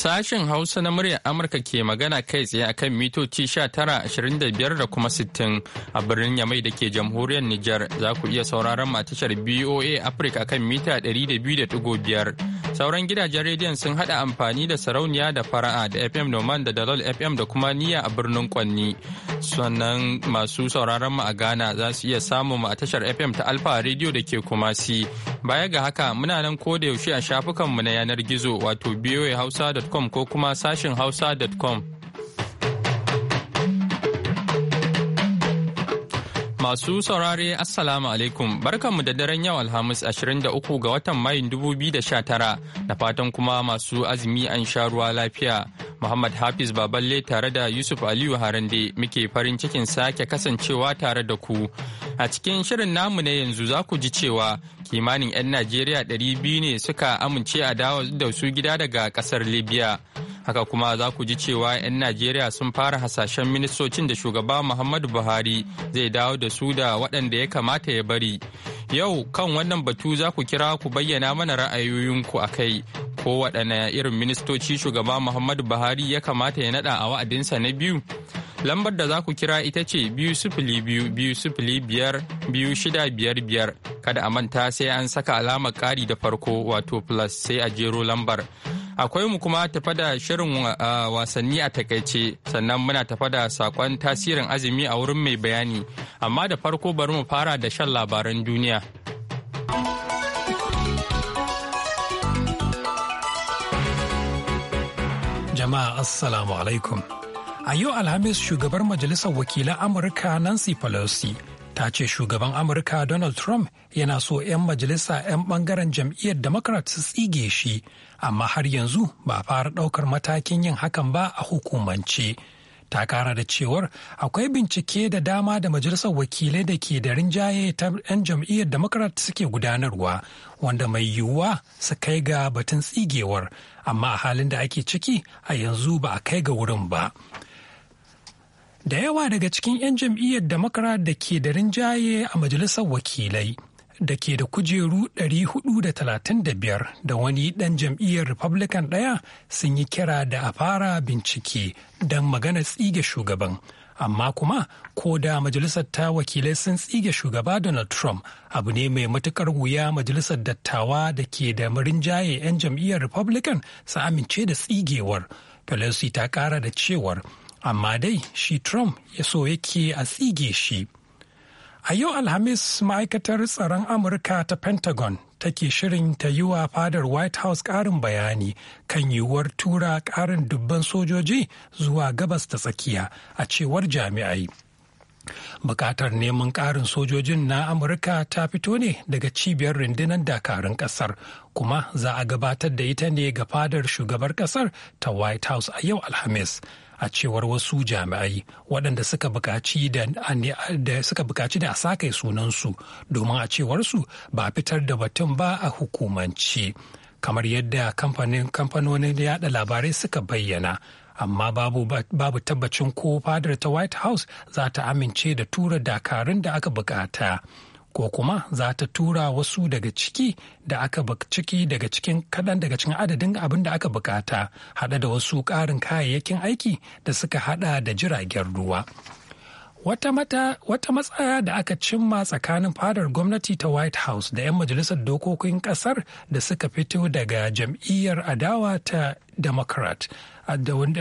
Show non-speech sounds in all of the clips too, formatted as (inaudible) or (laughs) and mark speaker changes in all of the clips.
Speaker 1: Sashen Hausa na murya Amurka ke magana kai tsaye akan mitoci 1925 da kuma 60 a birnin Yamai da ke jamhuriyar Nijar za ku iya sauraron tashar BOA Africa kan mita 200.5. Sauran gidajen rediyon sun hada amfani da sarauniya da fara'a da FM Noman da Dalol FM da kuma niya a birnin Kwanni. Sannan masu sauraron mu a Ghana za su iya samun mu a tashar FM ta Alfa Radio da ke Kumasi. Baya ga haka muna nan ko da yaushe a shafukanmu na yanar gizo wato BOA Hausa hausa.com ko kuma sashin hausa.com. Masu saurare Assalamu alaikum barkanmu da daren yau Alhamis 23 ga watan Mayun 2019 da fatan kuma masu azumi an sha ruwa lafiya. Muhammad Hafiz Baballe tare da Yusuf Aliyu Harande muke farin cikin sake kasancewa tare da ku. A cikin shirin namu na yanzu za ku ji cewa kimanin 'yan Najeriya 200 ne suka amince a dawo da su gida daga kasar Libya. Haka kuma za ku ji cewa 'yan Najeriya sun fara hasashen ministocin da shugaba Muhammadu Buhari zai dawo da su da waɗanda ya kamata ya bari. Yau kan wannan batu za ku kira ku bayyana mana ra'ayoyinku a kai ko waɗanne irin ministoci shugaba Muhammadu Buhari ya kamata ya naɗa a wa'adinsa na biyu. Lambar da za ku kira ita ce biyu sifili biyu biyu biyar biyu shida biyar biyar kada a manta sai an saka alamar ƙari da farko wato plus sai a jero lambar. akwai mu kuma tafa da shirin wasanni a takaice sannan muna tafa da sakon tasirin azumi a wurin mai bayani amma da farko bari mu fara da shan labaran duniya
Speaker 2: jama'a assalamu alaikum A yau Alhamis shugabar Majalisar Wakilan Amurka Nancy Pelosi ta ce shugaban Amurka Donald Trump yana so 'yan majalisa 'yan bangaren jam'iyyar Democrat su tsige shi, amma har yanzu ba fara ɗaukar matakin yin hakan ba a hukumance. Ta kara da cewar akwai bincike da dama da majalisar wakilai da ke da rinjaye ta 'yan jam'iyyar Democrat suke gudanarwa, wanda mai yiwuwa su kai ga batun tsigewar, amma a halin da ake ciki a yanzu ba a kai ga wurin ba. da yawa daga cikin 'yan jam'iyyar democrat da ke da rinjaye a majalisar wakilai da ke da kujeru 435 da wani ɗan jam'iyyar republican ɗaya sun yi kira da a fara bincike don magana tsige shugaban amma kuma ko da majalisar ta wakilai sun tsige shugaba donald trump abu ne mai matukar wuya majalisar dattawa da ke da rinjaye 'yan jam'iyyar republican su amince da tsigewar pelosi ta kara da cewar amma dai shi Trump ya so yake a tsige shi. A yau Alhamis ma'aikatar tsaron Amurka ta Pentagon take shirin ta yi wa fadar White House ƙarin bayani kan yiwuwar tura ƙarin dubban sojoji zuwa gabas ta tsakiya a cewar jami'ai. Bukatar neman ƙarin sojojin na Amurka ta fito ne daga cibiyar rundunar dakarun ƙasar kuma za a gabatar da ita ne ga fadar shugabar ƙasar ta White House a yau Alhamis. a cewar wasu jami'ai waɗanda suka buƙaci da suka buƙaci da a sake sunansu domin a cewar su ba fitar da batun ba a hukumance kamar yadda kamfanonin yada labarai suka bayyana amma babu, babu tabbacin ko fadar ta white house za ta amince da tura dakarun da aka bukata. ko kuma za ta tura wasu daga ciki da aka ciki daga cikin kaɗan daga cikin adadin abin da aka bukata hada da wasu ƙarin kayayyakin aiki da suka hada da jiragen ruwa. Wata, mata, wata matsaya da aka cimma tsakanin fadar gwamnati ta White House da 'yan majalisar dokokin kasar da suka fito daga jam'iyyar adawa ta Democrat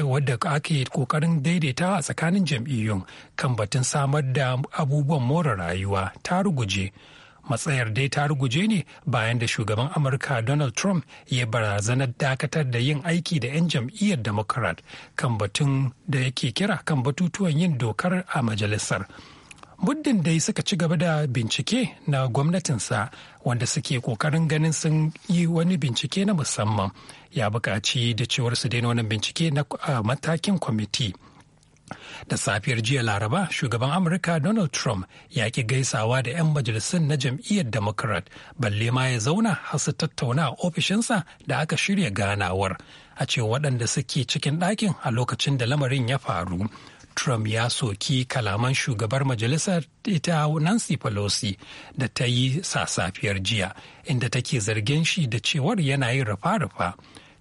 Speaker 2: wadda ake kokarin daidaita a tsakanin jam'iyyun kan batun samar da abubuwan more rayuwa ta ruguje matsayar dai ta ruguje ne bayan da shugaban amurka donald trump ya barazanar dakatar da yin aiki da 'yan jam'iyyar democrat kan batun da yake kira kan batutuwan yin dokar a majalisar muddin dai suka ci gaba da bincike na gwamnatinsa wanda suke kokarin ganin sun yi wani bincike na musamman ya buƙaci da cewar su daina wani bincike na matakin kwamiti da safiyar jiya laraba shugaban amurka donald trump ya ki gaisawa da 'yan majalisun na jam'iyyar democrat balle ma ya zauna har su tattauna a ofishinsa da aka shirya ganawar a cewa waɗanda suke cikin ɗakin a lokacin da lamarin ya faru Trump ya soki kalaman shugabar majalisar ita Nancy Pelosi da ta yi sasafiyar jiya inda take zargin shi da cewar yana yin rufa-rufa.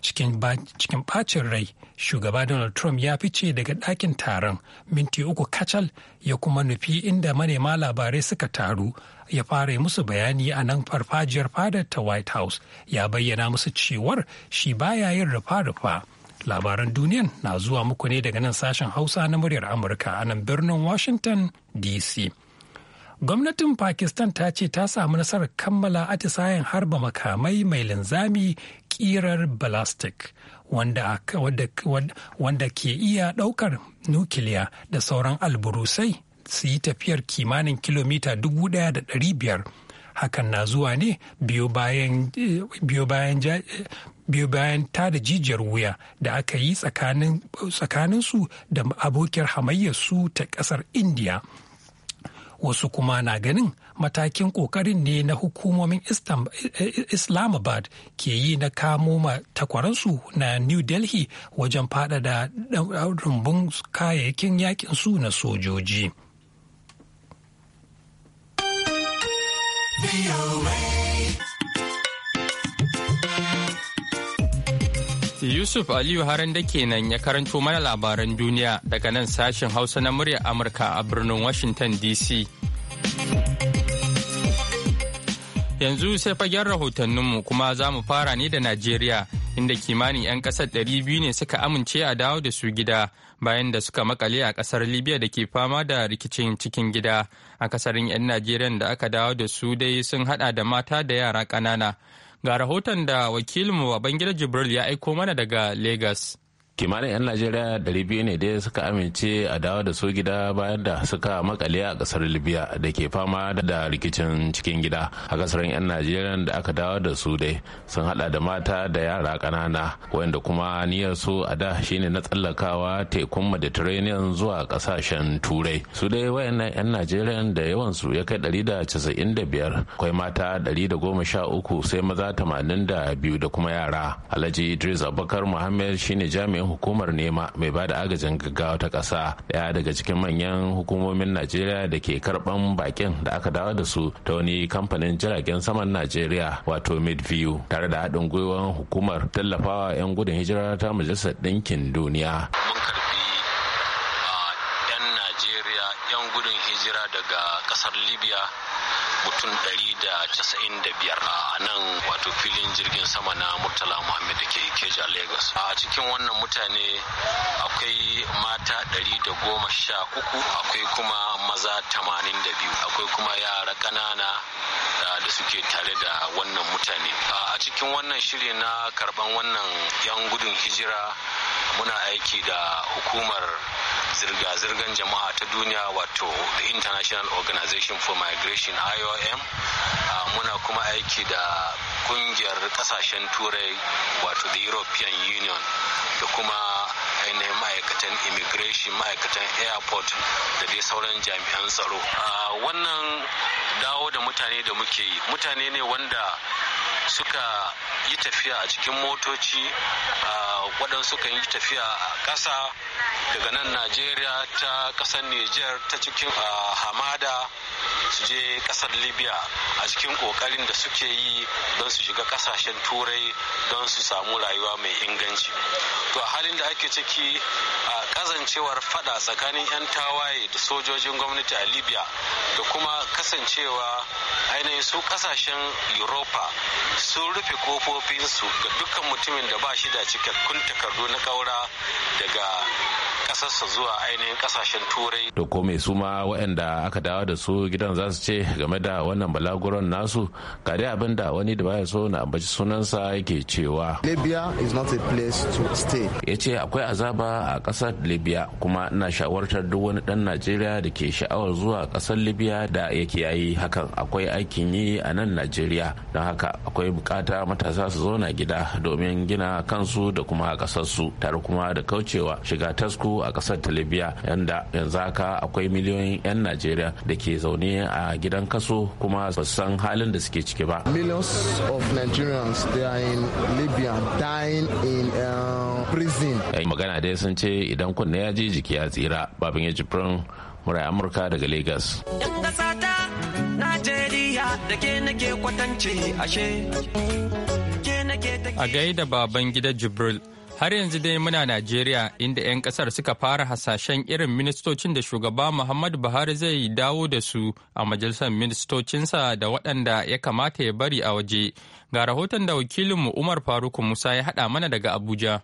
Speaker 2: Cikin bacin rai, shugaba Donald Trump ya fice daga ɗakin taron minti uku kacal ya kuma nufi inda manema labarai suka taru ya fara musu bayani a nan farfajiyar fadar ta White House ya bayyana musu cewar shi baya yin rufa-rufa. labaran duniyan na zuwa muku ne daga nan sashen hausa na muryar amurka a nan birnin washington dc gwamnatin pakistan ta ce ta samu nasarar kammala atisayen harba makamai mai linzami kirar balastik wanda, wanda, wanda ke iya daukar nukiliya da sauran alburusai su yi tafiyar kimanin kilomita 1,500 hakan na zuwa ne biyo bayan eh, eh, biyu bayan ta da jijiyar wuya da aka yi tsakaninsu da abokiyar su ta kasar indiya wasu kuma na ganin matakin kokarin ne na hukumomin islamabad ke yi na kamo takwaransu na new delhi wajen faɗaɗa rumbun kayayyakin yakin su na sojoji
Speaker 1: Yusuf Aliyu Haranda kenan ya karanto mana labaran duniya daga nan sashen Hausa na muryar Amurka a birnin Washington DC. Yanzu sai fagen rahotanninmu kuma za mu fara ne da Najeriya inda kimanin 'yan ƙasar biyu ne suka amince a dawo da su gida bayan da suka makale a ƙasar Libya da ke fama da rikicin cikin gida. a kasarin 'yan Najeriyan da aka dawo da su dai sun hada da mata da yara ƙanana. Ga rahoton da wakilinmu Babangida Jibril ya aiko mana daga Legas. kimanin 'yan najeriya 200 ne dai suka
Speaker 3: amince a dawo da su gida bayan da suka makale a kasar libya da ke fama da rikicin cikin gida a kasar 'yan najeriya da aka dawo da su dai sun hada da mata da yara kanana wanda kuma niyyar su a da shine na tsallakawa tekun mediterranean zuwa kasashen turai su dai wayannan 'yan najeriya da yawan su ya kai 195 akwai mata 113 sai maza 82 da kuma yara alhaji idris abubakar muhammad shine jami'in hukumar nema mai ba da agajin gaggawa ta ƙasa ɗaya daga cikin manyan hukumomin najeriya da ke karɓan bakin da aka dawo da su ta wani kamfanin jiragen saman najeriya wato midview tare da haɗin gwiwar hukumar tallafawa 'yan gudun hijira ta majalisar ɗinkin duniya ah,
Speaker 4: yan gudun hijira daga ƙasar libya mutum da da casa'in biyar. a nan wato filin jirgin sama na murtala muhammad da ke keja lagos a cikin wannan mutane akwai mata 113 akwai kuma maza tamanin 82 akwai kuma yara ƙanana ah, da suke tare da wannan mutane ah, a cikin wannan shiri na karban wannan yan gudun hijira muna aiki da hukumar zirga-zirgar jama'a ta duniya wato the international organization for migration iom ah, muna kuma aiki da kungiyar kasashen turai wato the european union da kuma ainihin ma'aikatan immigration ma'aikatan airport da dai sauran jami'an tsaro wannan dawo da mutane da muke yi mutane ne wanda suka yi tafiya a cikin motoci waɗansu kan yi tafiya a ƙasa daga nan najeriya ta ƙasar niger ta cikin hamada su je ƙasar libya a cikin ƙoƙarin da suke yi don su shiga ƙasashen turai don su samu rayuwa mai inganci to a halin da ake ciki shi a kazancewar fada tsakanin 'yan tawaye da sojojin gwamnati a libya da kuma kasancewa ainihin su kasashen europa sun rufe kofofinsu ga dukkan mutumin da ba shi da cikakkun takardu na kaura daga kasarsa zuwa ainihin kasashen
Speaker 3: turai to ko mai suma waɗanda aka dawo da su gidan za su ce game da wannan balaguron nasu ga dai abin da wani da baya so na ambaci sunansa yake cewa
Speaker 5: libya is not a place to stay
Speaker 3: ya ce akwai azaba a kasar libya kuma ina shawartar duk wani dan najeriya da ke sha'awar zuwa kasar libya da yake yayi hakan akwai aikin yi a nan najeriya don haka akwai bukata matasa su zauna gida domin gina kansu da kuma kasarsu tare kuma da kaucewa shiga tasku karatu a kasar ta libya yanda yanzu haka akwai miliyoyin 'yan najeriya da ke zaune a gidan kaso kuma ba san halin da suke ciki ba
Speaker 5: millions of nigerians they are in libya dying in uh, prison
Speaker 3: magana dai sun ce idan kunne ya je jiki ya tsira babin ya jibrin murai amurka daga lagos
Speaker 6: da ke a
Speaker 1: gaida baban gidan jibril Har yanzu dai muna Najeriya inda 'yan kasar suka fara hasashen irin ministocin da shugaba Muhammadu Buhari zai dawo da su a majalisar ministocinsa da waɗanda ya kamata ya bari a waje. Ga rahoton da wakilinmu Umar Faruk Musa ya haɗa mana daga Abuja.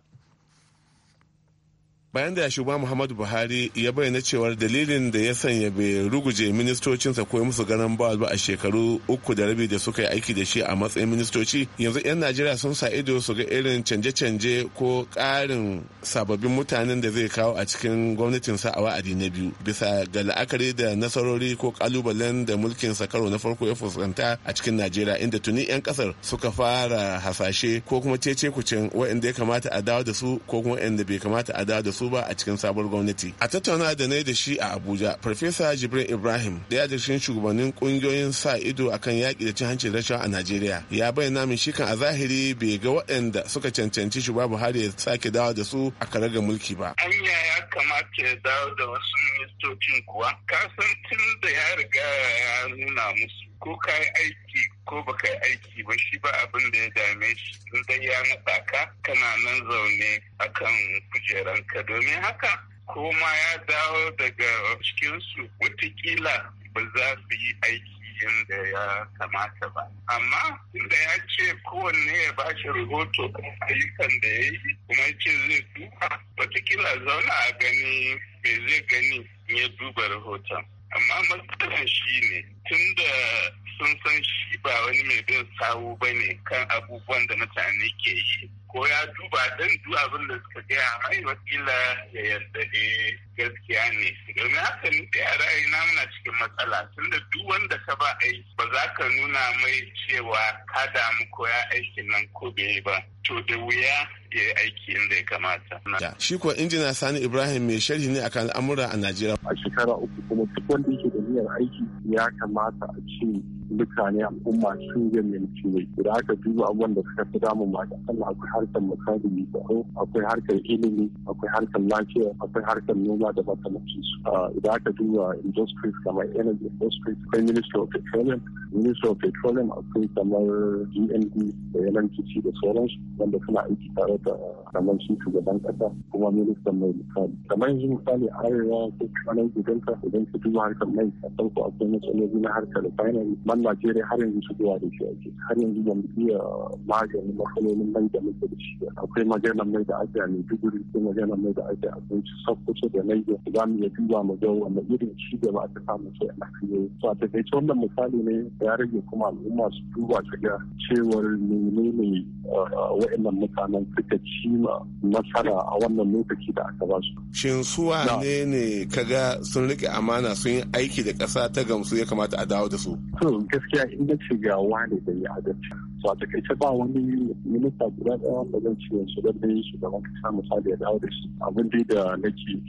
Speaker 5: bayan da shugaba muhammadu buhari ya bayyana cewar dalilin da ya sanya bai ruguje ministocinsa ko musu ganin bawal ba a shekaru uku da rabi da suka yi aiki da shi a matsayin ministoci yanzu 'yan najeriya sun sa ido su ga irin canje-canje ko ƙarin sababbin mutanen da zai kawo a cikin gwamnatinsa a wa'adi na biyu bisa ga la'akari da nasarori ko kalubalen da mulkin sa karo na farko ya fuskanta a cikin najeriya inda tuni 'yan kasar suka fara hasashe ko kuma cece kucin waɗanda ya kamata a dawo da su ko kuma waɗanda bai kamata a dawo da su su ba a cikin sabuwar gwamnati a tattauna da na da shi a abuja farfesa jibril ibrahim da da cikin shugabannin kungiyoyin sa ido akan yaƙi da cin hanci da rashawa a najeriya ya bayyana min shi kan a zahiri bai ga waɗanda suka cancanci shugaba buhari ya sake dawo da su a karagar mulki ba
Speaker 7: anya ya kamata ya
Speaker 5: dawo da wasu ministocin kuwa kasan tun da ya riga ya nuna musu ko kayi aiki ko baka yi aiki ba shi ba abin da ya dame shi in dai ya naɗa ka kana nan zaune akan kujeranka domin haka ko ma ya dawo daga cikinsu Wataƙila ba za su yi aiki inda ya kamata ba. Amma inda ya ce kowanne ya ba shi rahoto ayyukan da ya yi kuma ce zai duba Wataƙila zauna a gani me zai gani ya duba rahoton. Amma matsalar shi ne tun da sun san shi ba wani mai bin sawu ba ne kan abubuwan da mutane ke yi ko ya duba ɗan duk abin da suka gaya mai wakila ya yarda da gaskiya ne domin haka ni da yara na muna cikin matsala Tun da duk wanda ka ba aiki ba za ka nuna mai cewa ka damu ko ya aikin nan
Speaker 8: ko bai ba to da wuya ya yi aiki
Speaker 5: inda ya kamata. Shi kuwa injina Sani Ibrahim mai sharhi ne akan al'amura a Najeriya. A shekara uku kuma duk wanda yake da niyyar aiki ya kamata a ce
Speaker 8: mutane al'umma sun yammanci ne da aka duba abubuwan da suka fi damu ma da Allah akwai harkar makari tsaro akwai harkar ilimi akwai harkar lafiya akwai harkar noma da matsalacin su idan aka duba industries kamar energy industries akwai minister of petroleum minister of petroleum akwai kamar gnd da yananci da sauransu wanda suna aiki tare da kamar shi shugaban kasa kuma ministan mai misali kamar yanzu misali arewa ko kwanan ka idan su duba harkar mai a ko akwai matsaloli na harkar refinery man najeriya har yanzu su zuwa da shi ake har yanzu ba mu iya magani matsalolin mai da muke da shi akwai maganar mai da ake a maiduguri ko maganar mai da ake a kunci kusa da da za mu iya duba mu ga wanda irin ci gaba aka samu sai a fiye to a taƙaice wannan misali ne ya rage kuma al'umma su duba su ga cewar menene eh, wa'annan mutanen suka ci nasara a wannan lokaci da aka ba su. Shin su wane
Speaker 5: ne kaga sun rike amana sun yi aiki da ƙasa ta gamsu ya kamata a dawo da su? To gaskiya in da ce ga wane da ya adalci. So a takaice ba wani minista guda ɗaya
Speaker 8: wanda zan ce yanzu don da shugaban kasa misali ya dawo da shi abin dai da nake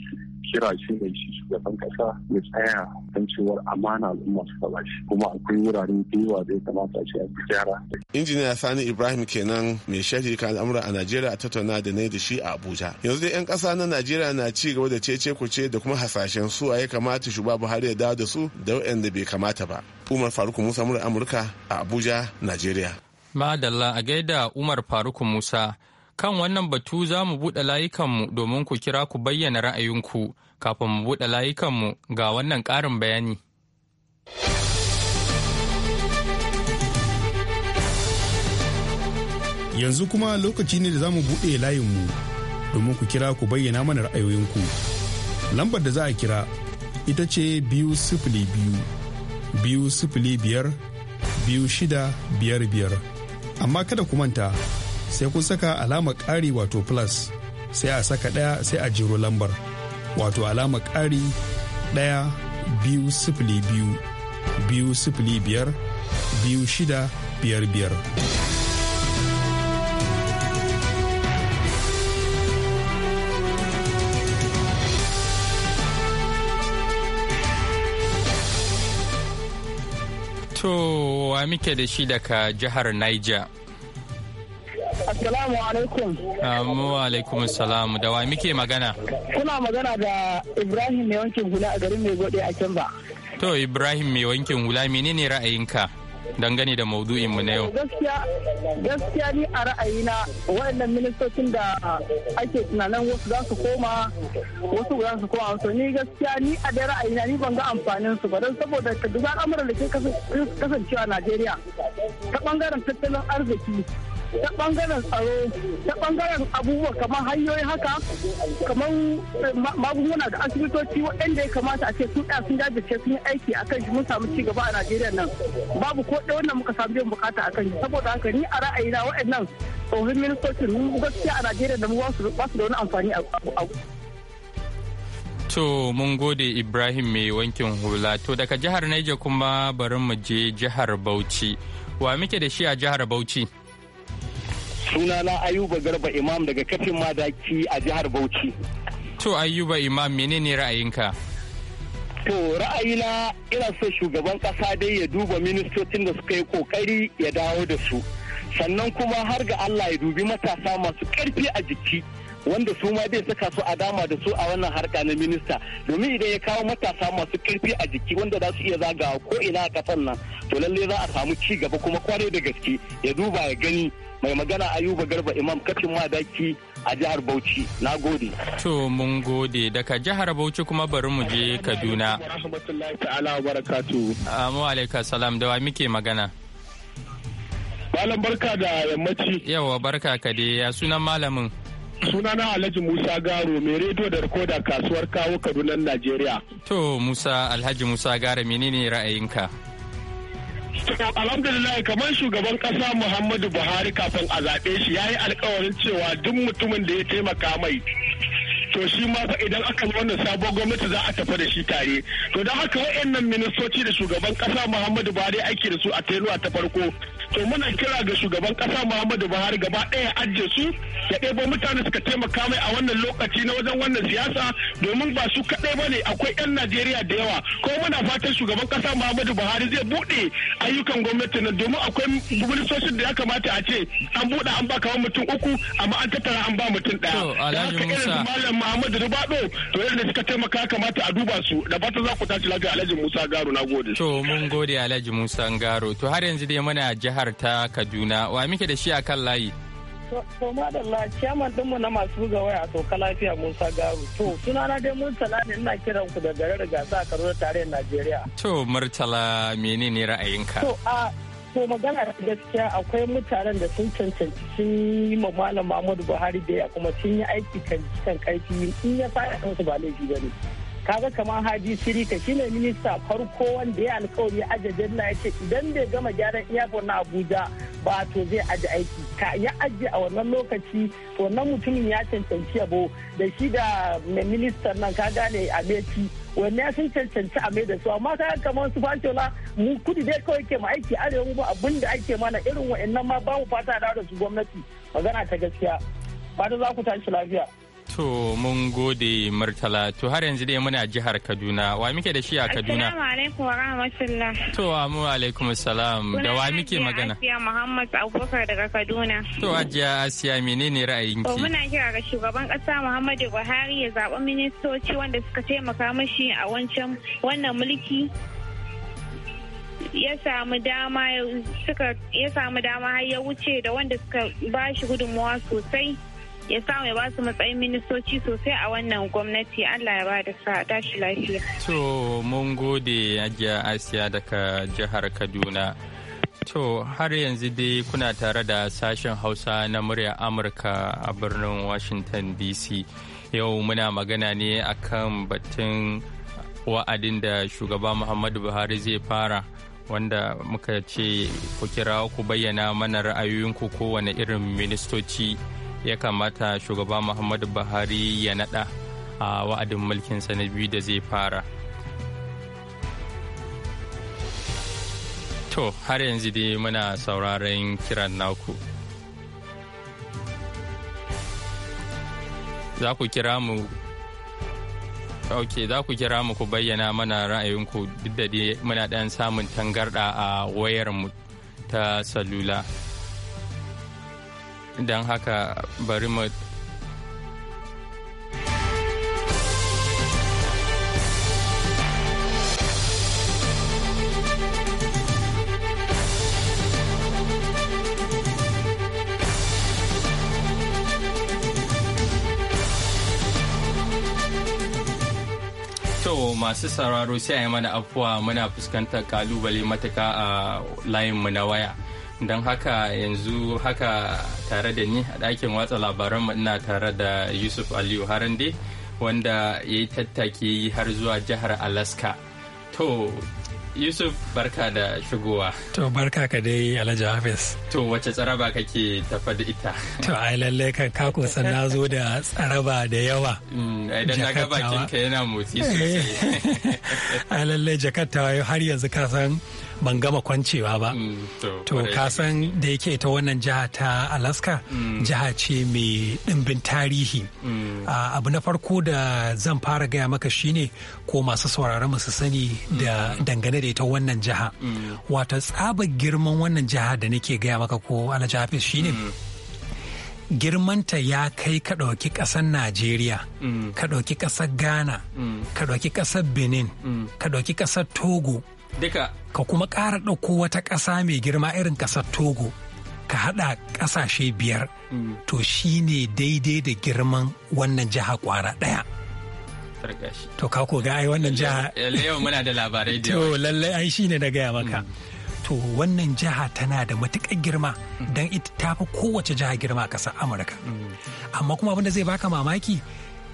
Speaker 8: kira shi mai shi shugaban kasa ya tsaya don cewar amana al'umma suka bashi kuma akwai wuraren da yawa zai kamata a ce a gyara.
Speaker 5: injiniya sani ibrahim kenan mai shafi kan al'amura a najeriya a tattauna da ne da shi a abuja yanzu dai 'yan kasa na najeriya na ci gaba da cece kuce da kuma hasashen su a ya kamata shugaba buhari ya dawo da su da waɗanda bai kamata ba umar faruk musa amurka a abuja najeriya
Speaker 1: madalla a gaida umar faruk musa Kan wannan batu za mu buɗe layukanmu domin ku kira ku bayyana ra'ayinku kafin mu buɗe layukanmu ga wannan ƙarin bayani.
Speaker 7: Yanzu kuma lokaci ne da za mu buɗe layinmu domin ku kira ku bayyana mana ra'ayoyinku. Lambar da za a kira ita ce biyu sifili biyu, biyu sifili biyar, biyu shida biyar biyar. Amma kada ku manta sai kun saka alama ƙari wato plus sai a saka ɗaya sai a jiro lambar wato alama ƙari ɗaya biyu sifili biyu biyu sifili biyar biyu shida biyar biyar.
Speaker 1: To, wa muke da shi daga jihar Niger?
Speaker 7: Assalamu alaikum.
Speaker 1: Amma alaikum salam da wa muke magana?
Speaker 7: Kuna magana da Ibrahim mai wankin hula a garin mai gode a can ba.
Speaker 1: To Ibrahim mai wankin hula menene ra'ayinka? dangane da maudu'in mu na yau.
Speaker 7: Gaskiya ni a ra'ayina waɗannan ministocin da ake tunanin wasu za su koma wasu za su koma wasu ni gaskiya ni a da ra'ayina ni ban ga amfanin su ba don saboda ka duba al'amuran da ke kasancewa Najeriya ta bangaren tattalin arziki ta bangaren tsaro ta bangaren abubuwa kamar hanyoyi haka kamar eh, magunguna da asibitoci waɗanda ya kamata a ce sun ɗaya sun jajirce sun yi aiki a kan shi mun samu ci gaba a najeriya nan babu ko ɗaya wannan muka samu biyan bukata a kan shi saboda haka ni a ra'ayina waɗannan tsohon ministocin mun gaskiya a najeriya da mu ba su da wani amfani a
Speaker 1: To mun gode Ibrahim mai wankin hula. To daga jihar Naija kuma bari mu je jihar Bauchi. Wa muke da shi a jihar Bauchi?
Speaker 7: Sunana Ayuba Garba Imam daga kafin madaki a jihar Bauchi.
Speaker 1: To Ayuba Imam menene ra'ayinka?
Speaker 7: To ra'ayina ina so shugaban kasa dai ya duba ministocin da suka yi kokari ya dawo da su. Sannan kuma har ga Allah ya dubi matasa masu ƙarfi a jiki. wanda su ma zai saka su a dama da su a wannan harka na minista domin idan ya kawo matasa masu karfi a jiki wanda za su iya zagawa ko ina a kasan nan to lalle za a samu ci gaba kuma kwarai da gaske ya duba ya gani mai magana ayuba garba imam kafin madaki a jihar bauchi na gode
Speaker 1: to mun gode daga jihar bauchi kuma bari mu je kaduna amu alaika salam da wa muke magana malam barka da yammaci yawa barka ka dai ya sunan malamin
Speaker 7: sunana Alhaji Musa Garo mai rediyo da rikoda kasuwar kawo Kaduna
Speaker 1: Najeriya. To Musa Alhaji Musa Garo menene ra'ayinka?
Speaker 7: To alhamdulillah kamar shugaban kasa Muhammadu Buhari kafin a zaɓe shi ya yi alkawarin cewa duk mutumin da ya taimaka mai to shi ma fa idan aka wannan sabon gwamnati za a tafi da shi tare to don haka wayannan ministoci da shugaban kasa Muhammadu Buhari ake da su a a ta farko to muna kira ga shugaban kasa muhammadu buhari gaba ɗaya ajiye su ya ɗebo mutane suka taimaka mai a wannan lokaci na wajen wannan siyasa domin ba su kaɗai ba ne akwai 'yan najeriya da yawa ko muna fatan shugaban kasa muhammadu buhari zai buɗe ayyukan gwamnati nan domin akwai ministocin da ya kamata a ce an buɗe an ba kawai mutum uku amma an tattara an ba mutum ɗaya da haka irin muhammadu rubado to yadda suka taimaka kamata a duba su da fatan za ku tashi lafiya alhaji musa garo na gode. to mun
Speaker 1: gode alhaji musa garo to har yanzu dai muna jihar jihar ta Kaduna. Wa muke da shi a kan layi? To
Speaker 9: madalla ciyaman dinmu na masu buga waya a sauka lafiya Musa Garu. To suna na dai Murtala ne ina kiran ku da garin gasa a Kaduna tarayyar Najeriya.
Speaker 1: To Murtala menene ra'ayinka? To
Speaker 9: a to magana gaskiya akwai mutanen da sun cancanci sun yi ma Malam Muhammadu Buhari da ya kuma sun yi aiki kan karfi in ya fara kansu ba laifi bane. kaga kamar Haji sirika shine minista farko wanda ya alkawari aje janna yace idan bai gama gyaran iyakon na abuja ba to zai aje aiki ka ya aji a wannan lokaci wannan mutumin ya cancanci yabo da shi da ministan nan ka gane a meti wani ya sun cancanci a da su amma kaga kamar su fashola mu kudi dai kawai ke mu aiki arewa mu abin da ake mana irin wa'annan ma ba mu fata da su gwamnati magana ta gaskiya fata za ku tashi lafiya.
Speaker 1: To mun gode Murtala. To har yanzu dai muna jihar Kaduna. Wa muke da shi a Kaduna? Assalamu
Speaker 8: alaikum wa rahmatullah.
Speaker 1: To wa mu alaikum salam. Da wa muke magana? Asiya Muhammad Abubakar daga Kaduna. To Hajiya Asiya menene ra'ayinki? To muna
Speaker 8: kira ga shugaban kasa Muhammadu Buhari ya zaɓi ministoci wanda suka
Speaker 9: taimaka mashi a wancan wannan mulki
Speaker 8: ya samu dama ya samu dama har ya wuce da wanda suka bashi gudunmawa sosai. ya samu ya ba matsayin ministoci sosai a wannan gwamnati Allah ya ba da tashi lafiya.
Speaker 1: To mun gode ajiya Asiya daga jihar Kaduna. To har yanzu dai kuna tare da sashen Hausa na murya Amurka a birnin Washington DC. Yau muna magana ne akan batun wa'adin da shugaba Muhammadu Buhari zai fara. wanda muka ce ku kira ku bayyana mana ra'ayoyinku kowane irin ministoci ya kamata shugaba muhammadu buhari ya nada a wa'adin mulkin na biyu da zai fara to har yanzu dai muna sauraron kiran naku za ku kira mu Okay, za ku kira mu ku bayyana mana ra'ayinku duk da dai muna dan samun tangarɗa a wayarmu ta salula don haka bari mu masu sauraro sai a yi mana afuwa muna fuskantar kalubale matuka a layinmu na waya don haka yanzu haka tare da ni a ɗakin watsa labaran ina tare da yusuf aliyu harande wanda ya yi tattaki har zuwa jihar alaska to yusuf barka da shigowa
Speaker 2: to barka ka dai alhaji hafiz
Speaker 1: to wace tsaraba kake tafa da ita
Speaker 2: to ai lalle ka kako na zo da tsaraba da yawa mm, idan na ga bakin ka yana
Speaker 1: motsi sosai
Speaker 2: (laughs) ai lalle jakattawa har yanzu ka san ban gama kwancewa ba mm, to ka san da yake ta wannan jiha ta alaska mm. jiha ce mai ɗimbin tarihi mm. ah, abu na farko da zan fara gaya maka shine ko masu sauraron su sani da dangane da ita wannan jiha wata tsabar girman wannan jiha da nake gaya maka ko alhaji hafiz shine girmanta ya kai ka ɗauki ƙasar Najeriya, ka ɗauki ƙasar Ghana, ka ɗauki ƙasar Benin, ka ɗauki ƙasar Togo, Duka. Ka kuma ƙara ɗauko wata ƙasa mai girma irin ƙasar Togo. Ka haɗa ƙasashe biyar. Mm. To shi ne daidai da girman wannan jiha ƙwara ɗaya. To ka ko ga ai wannan jiha. Yau muna
Speaker 1: da labarai da (laughs) To
Speaker 2: lallai ai shi ne na gaya maka. Mm. to wannan jiha tana da matuƙar girma mm. don ita ta fi kowace jiha girma a ƙasar amurka amma kuma abinda zai baka mamaki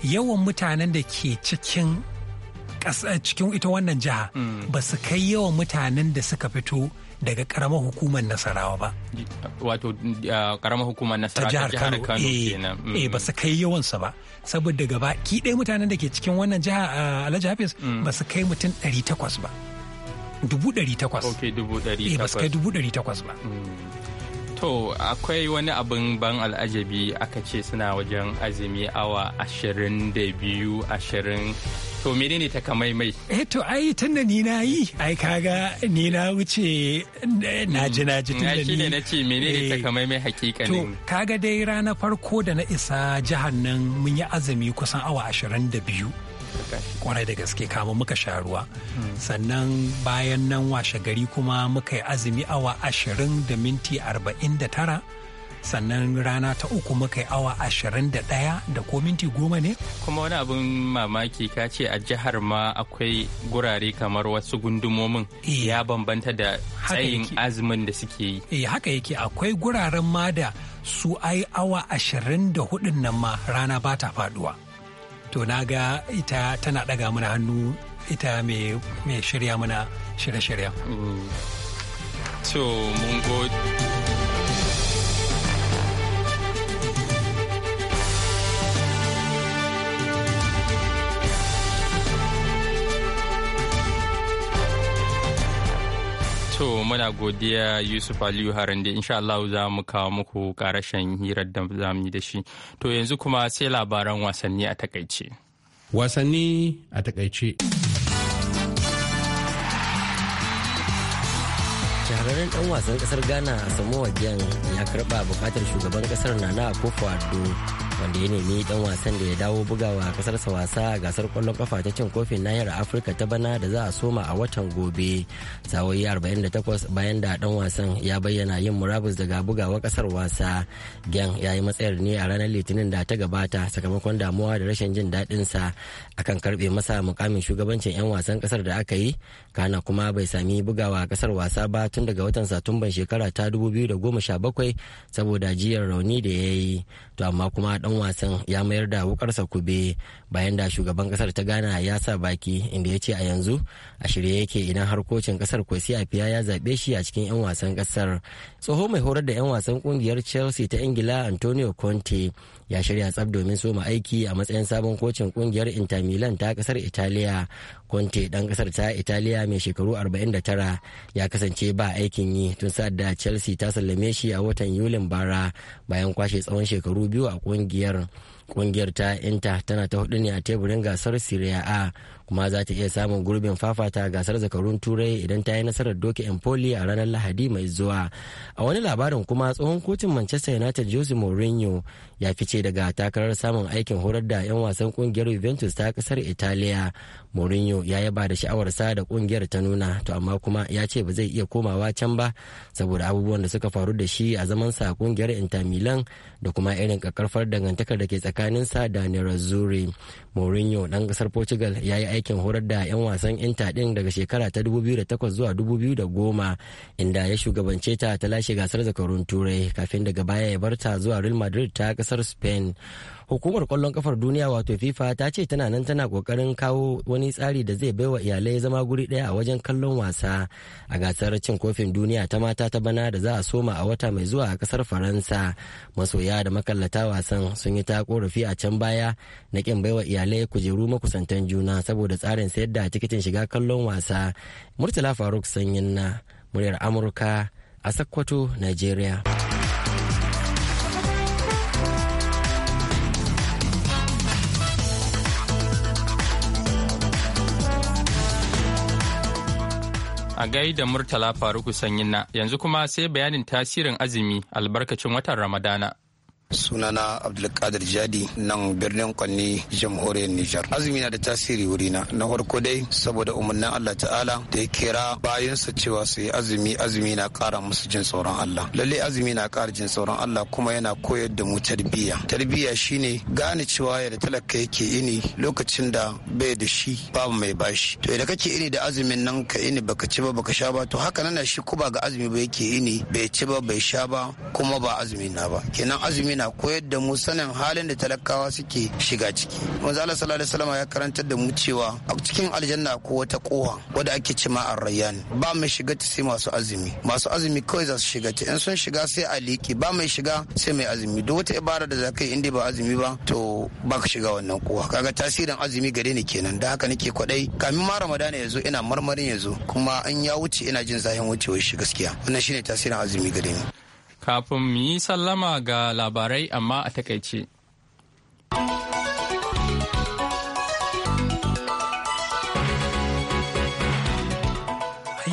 Speaker 2: yawan mutanen da ke cikin cikin ita wannan jiha mm. ba su kai yawan mutanen da suka fito daga karamar hukumar nasarawa ba.
Speaker 1: Wato karamar hukumar nasarawa ta jihar Kano eh, kenan. Mm. Eh
Speaker 2: ba su kai yawansa ba. Saboda gaba ki ɗaya mutanen da ke cikin wannan jiha Alhaji Hafiz mm. ba su kai mutum ɗari takwas ba. Dubu ɗari takwas. Ok
Speaker 1: dubu ɗari takwas. Eh ba su kai
Speaker 2: dubu ɗari takwas ba.
Speaker 1: To akwai wani abin ban al'ajabi aka ce suna wajen azumi awa ashirin da biyu ashirin To menene takamaimai?
Speaker 2: Eh to ai tun da ni na yi, ai kaga ni na wuce na ji na ji tun da ni. na
Speaker 1: ce menene eh, takamaimai hakika ne. To
Speaker 2: kaga dai ranar farko da na isa jihar nan mun yi azumi kusan awa ashirin da biyu. kwarai da gaske kama muka sha ruwa sannan bayan nan washe gari kuma muka yi azumi awa ashirin da minti arba'in da tara sannan rana ta uku muka awa ashirin da ɗaya da ko minti goma ne
Speaker 1: kuma wani abin mamaki ka ce a jihar ma akwai gurare kamar wasu gundumomin eh. ya bambanta da tsayin
Speaker 2: azumin da suke yi eh, haka yake akwai guraren ma da su ai awa ashirin da hudun nan ma rana ba ta faduwa to na ga ita tana ɗaga mana hannu ita mai shirya mana shirye-shiryen. Mm. To, mun
Speaker 1: To muna godiya Yusuf Aliyu Harande insha Allah za mu kawo muku karashen hirar da za da shi. To yanzu kuma sai labaran wasanni a takaice. Wasanni a takaice.
Speaker 6: shahararren dan wasan kasar Ghana Samoa Gyan ya karba bukatar shugaban kasar Nana Akufo-Addo wanda ya nemi dan wasan da ya dawo bugawa kasarsa wasa a gasar kwallon kafa ta cin kofin nahiyar afirka ta bana da za a soma a watan gobe sawoyi 48 bayan da dan wasan ya bayyana yin murabus daga bugawa kasar wasa gen ya yi matsayar ne a ranar litinin da ta gabata sakamakon damuwa da rashin jin daɗin sa akan karbe masa mukamin shugabancin 'yan wasan kasar da aka yi kana kuma bai sami bugawa kasar wasa ba tun daga watan satumban shekara ta 2017 saboda jiyar rauni da ya yi to amma kuma dan dan wasan ya mayar da wukarsa kube bayan da shugaban kasar ta gana ya sa baki inda ya ce a yanzu a shirye yake idan har kocin kasar a afiya ya zaɓe shi a cikin 'yan wasan kasar tsoho mai horar da 'yan wasan kungiyar chelsea ta ingila antonio conte ya shirya tsab domin soma aiki a matsayin sabon kocin kungiyar inter milan ta kasar italiya conte dan kasar ta italiya mai shekaru 49 ya kasance ba aikin yi tun sa'ad da chelsea ta sallame shi a watan yulin bara bayan kwashe tsawon shekaru biyu a kungiyar biyar kungiyar ta inter tana ta hudu ne a teburin gasar serie a kuma za ta iya samun gurbin fafata gasar zakarun turai idan ta yi nasarar doke empoli a ranar lahadi mai zuwa a wani labarin kuma tsohon kotun manchester united jose mourinho ya fice daga takarar samun aikin horar da 'yan wasan kungiyar juventus ta kasar italiya mourinho ya yaba da sha'awarsa da kungiyar ta nuna to amma kuma ya ce ba zai iya komawa can ba saboda abubuwan da suka faru da shi a zaman sa kungiyar inter milan da kuma irin kakarfar dangantakar da ke tsakaninsa da nerazzurri mourinho dan kasar portugal ya yi aikin horar da 'yan wasan inter din daga shekara ta 2008 zuwa 2010 inda ya shugabance ta ta lashe gasar zakarun turai kafin daga baya ya barta zuwa real madrid ta kasar spain hukumar kwallon kafar duniya wato fifa ta ce tana nan tana kokarin kawo wani tsari da zai baiwa iyalai zama guri daya a wajen kallon wasa a gasar cin kofin duniya ta mata ta bana da za a soma a wata mai zuwa a kasar faransa masoya da makallata wasan sun yi ta korafi a can baya na kin baiwa iyalai kujeru makusantan juna saboda tsarin sayar da tikitin shiga kallon wasa murtala faruk sanyin na muryar amurka a sakkwato nigeria
Speaker 1: A da Murtala Faruku Sanyin na yanzu kuma sai bayanin tasirin azumi albarkacin watan Ramadana. sunana
Speaker 9: abdulkadir jadi nan birnin kwanni jamhuriyar nijar azumi na da tasiri wuri na na farko dai saboda umarnin allah ta'ala da ya kira bayansa cewa su yi azumi azumi na kara musu jin tsoron allah lalle azumi na kara jin sauran allah kuma yana koyar da mu tarbiyya tarbiyya shine gane cewa yadda talaka yake ini lokacin da bai da shi babu mai bashi to idan kake ini da azumin nan ka ini baka ci ba baka sha ba to haka nan shi kuba ga azumi ba yake ini bai ci ba bai sha ba kuma ba azumi na ba kenan azumi yana koyar da mu sanin halin da talakawa suke shiga ciki manzo Allah sallallahu alaihi ya karantar da mu cewa a cikin aljanna ko wata kowa wadda ake ce ma arrayyan ba mai shiga ta sai masu azumi masu azumi kawai za su shiga ta in sun shiga sai a liki ba mai shiga sai mai azumi duk wata ibada da za ka in ba azumi ba to ba ka shiga wannan kowa kaga tasirin azumi gare ni kenan da haka nake kwadai kamin ma ramadana ya zo ina marmarin ya zo kuma in ya wuce ina jin zahin wucewar shi gaskiya wannan shine tasirin azumi gare ni
Speaker 1: kafin mu yi sallama ga labarai amma a takaice.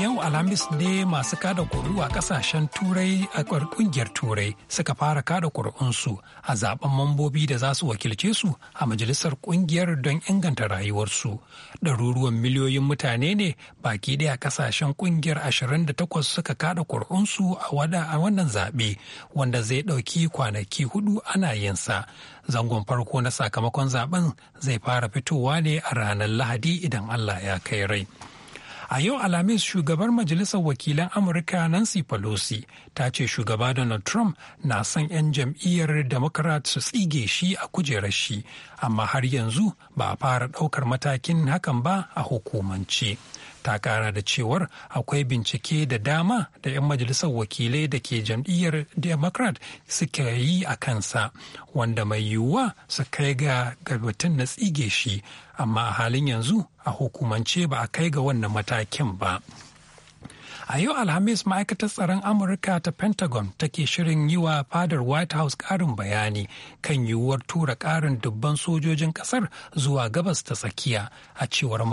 Speaker 2: yau Alhamis ne masu kada kuru a kasashen Turai a kungiyar Turai suka fara kada kuru'unsu a zaben mambobi da za su wakilce su a majalisar kungiyar don inganta rayuwarsu. Ɗaruruwan miliyoyin mutane ne baki ɗaya ƙasashen ƙungiyar 28 suka kada kuru'unsu a wannan zaɓe wanda zai ɗauki kwanaki hudu ana yinsa. Zangon farko na sakamakon zaben zai fara fitowa ne a ranar Lahadi idan Allah ya kai rai. A yau Alhamis shugabar Majalisar Wakilan Amurka Nancy Pelosi ta ce shugaba Donald Trump na son 'yan jam'iyyar Democrat su tsige shi a kujerar shi, amma har yanzu ba a fara ɗaukar matakin hakan ba a hukumance. ta kara da cewar akwai bincike da dama da 'yan majalisar wakilai da ke jam'iyyar democrat suka yi a kansa wanda mai yiwuwa su kai ga gabatun na tsige shi amma a halin yanzu a hukumance ba a kai ga wannan matakin ba. A yau Alhamis ma'aikatar tsaron Amurka ta Pentagon take shirin yi wa fadar White House ƙarin bayani kan yiwuwar tura ƙarin dubban sojojin ƙasar zuwa gabas ta tsakiya a cewar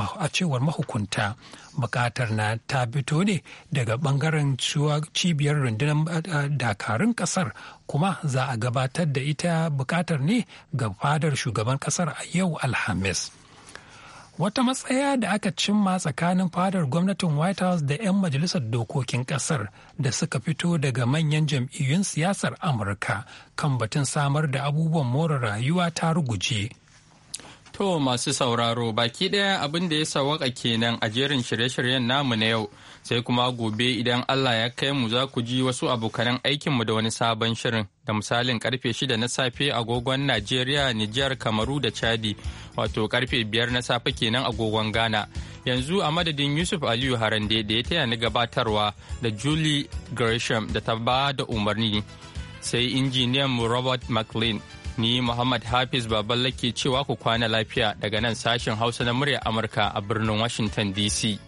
Speaker 2: mahukunta. Bukatar na ta fito ne daga ɓangaren cibiyar rundunar eh, dakarun ƙasar kuma za a gabatar da ita bukatar ne ga fadar shugaban ƙasar a yau Alhamis. wata matsaya da aka cimma tsakanin fadar gwamnatin white house da 'yan majalisar dokokin kasar da suka fito daga manyan jam'iyyun siyasar amurka kan batun samar da abubuwan more rayuwa ta ruguje
Speaker 1: to masu sauraro baki ɗaya abin da ya sawaka kenan a jerin shirye-shiryen namu na yau sai kuma gobe idan allah ya kai mu za ku ji wasu abokanan aikinmu da wani sabon shirin da misalin karfe shida na safe agogon Najeriya, Nijar, Kamaru da Chadi, wato karfe 5 na safe kenan agogon Ghana. Yanzu a madadin Yusuf Aliyu Harande da ya taya ni gabatarwa da Julie Gresham da ta ba da umarni. Sai injiniyan Robert McLean, ni Muhammad Hafiz Baballake cewa ku kwana lafiya daga nan sashen Hausa na murya Amurka a birnin Washington DC.